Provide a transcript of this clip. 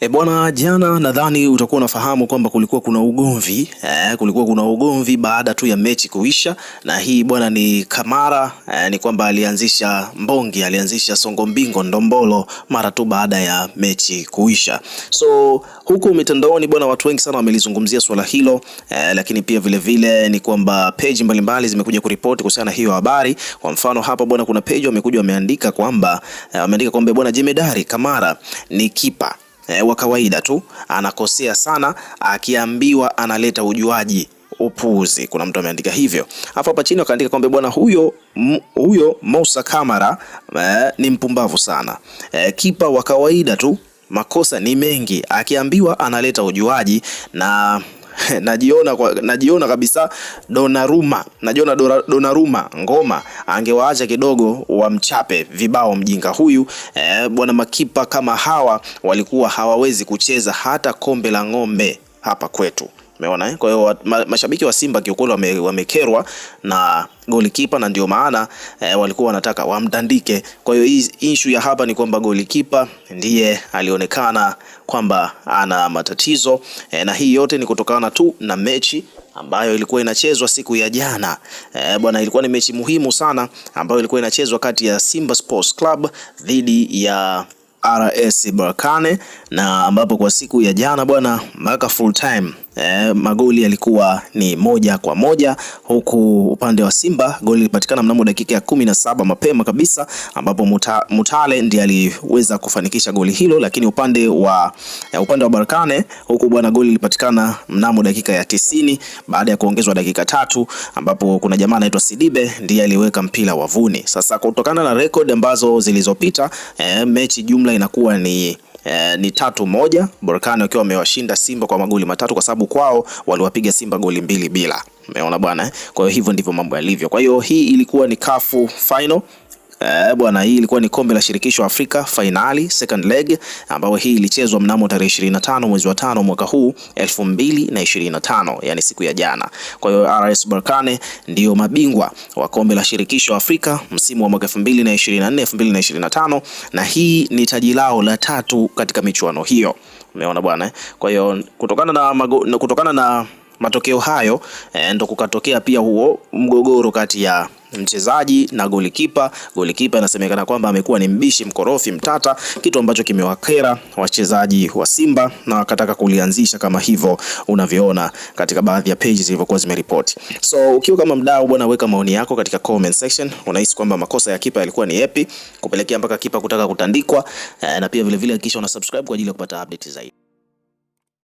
E bwana, jana nadhani utakuwa unafahamu kwamba kulikuwa kuna ugomvi eh, kulikuwa kuna ugomvi baada tu ya mechi kuisha, na hii bwana ni Kamara eh, ni kwamba alianzisha mbongi, alianzisha songo mbingo ndombolo mara tu baada ya mechi kuisha. So huku mitandaoni bwana, watu wengi sana wamelizungumzia swala hilo eh, lakini pia vile vile ni kwamba page mbalimbali zimekuja kuripoti kuhusiana na hiyo habari. Kwa mfano hapa bwana, kuna page wamekuja wameandika kwamba eh, wameandika kwamba bwana, jemedari Kamara ni kipa eh, wa kawaida tu anakosea sana akiambiwa analeta ujuaji upuuzi. Kuna mtu ameandika hivyo, alafu hapa chini wakaandika kwamba bwana huyo huyo Musa Kamara eh, ni mpumbavu sana eh, kipa wa kawaida tu, makosa ni mengi, akiambiwa analeta ujuaji na najiona kwa, najiona kabisa Donnarumma, najiona Donnarumma ngoma angewaacha kidogo wamchape vibao mjinga huyu eh, bwana. Makipa kama hawa walikuwa hawawezi kucheza hata kombe la ng'ombe hapa kwetu. Umeona eh? Kwa hiyo ma, mashabiki wa Simba kiukweli wamekerwa wame, na golikipa na ndio maana eh, walikuwa wanataka wamtandike. Kwa hiyo hii issue ya hapa ni kwamba golikipa ndiye alionekana kwamba ana matatizo eh, na hii yote ni kutokana tu na mechi ambayo ilikuwa inachezwa siku ya jana eh, bwana, ilikuwa ni mechi muhimu sana ambayo ilikuwa inachezwa kati ya Simba Sports Club dhidi ya RS Berkane, na ambapo kwa siku ya jana bwana, mpaka full time Eh, magoli yalikuwa ni moja kwa moja, huku upande wa Simba goli lilipatikana mnamo dakika ya kumi na saba mapema kabisa, ambapo Muta, Mutale ndiye aliweza kufanikisha goli hilo, lakini upande wa eh, upande wa Barkane huku bwana goli lilipatikana mnamo dakika ya tisini baada ya kuongezwa dakika tatu, ambapo kuna jamaa anaitwa Sidibe ndiye aliweka mpira wavuni. Sasa kutokana na rekodi ambazo zilizopita, eh, mechi jumla inakuwa ni Eh, ni tatu moja, Berkane wakiwa wamewashinda Simba kwa magoli matatu, kwa sababu kwao waliwapiga Simba goli mbili bila. Umeona bwana eh? Kwa hiyo hivyo ndivyo mambo yalivyo. Kwa hiyo hii ilikuwa ni kafu final Eh, bwana hii ilikuwa ni kombe la shirikisho Afrika finali second leg ambayo hii ilichezwa mnamo tarehe 25 mwezi wa tano mwaka huu 2025, yani siku ya jana. Kwa hiyo RS Berkane ndiyo mabingwa wa kombe la shirikisho Afrika msimu wa mwaka 2024 2025, na hii ni taji lao la tatu katika michuano hiyo. Umeona bwana, eh? kwa hiyo kutokana na mago, na kutokana na matokeo hayo eh, ndo kukatokea pia huo mgogoro kati ya mchezaji na golikipa. Golikipa inasemekana kwamba amekuwa ni mbishi, mkorofi, mtata, kitu ambacho kimewakera wachezaji wa Simba na wakataka kulianzisha kama hivyo unavyoona katika baadhi ya pages zilivyokuwa zimeripoti. So ukiwa kama mdau bwana, weka maoni yako katika comment section. Unahisi kwamba makosa ya kipa yalikuwa ni yapi kupelekea mpaka kipa kutaka kutandikwa? Eh, na pia vilevile hakikisha una subscribe kwa ajili ya kupata update zaidi.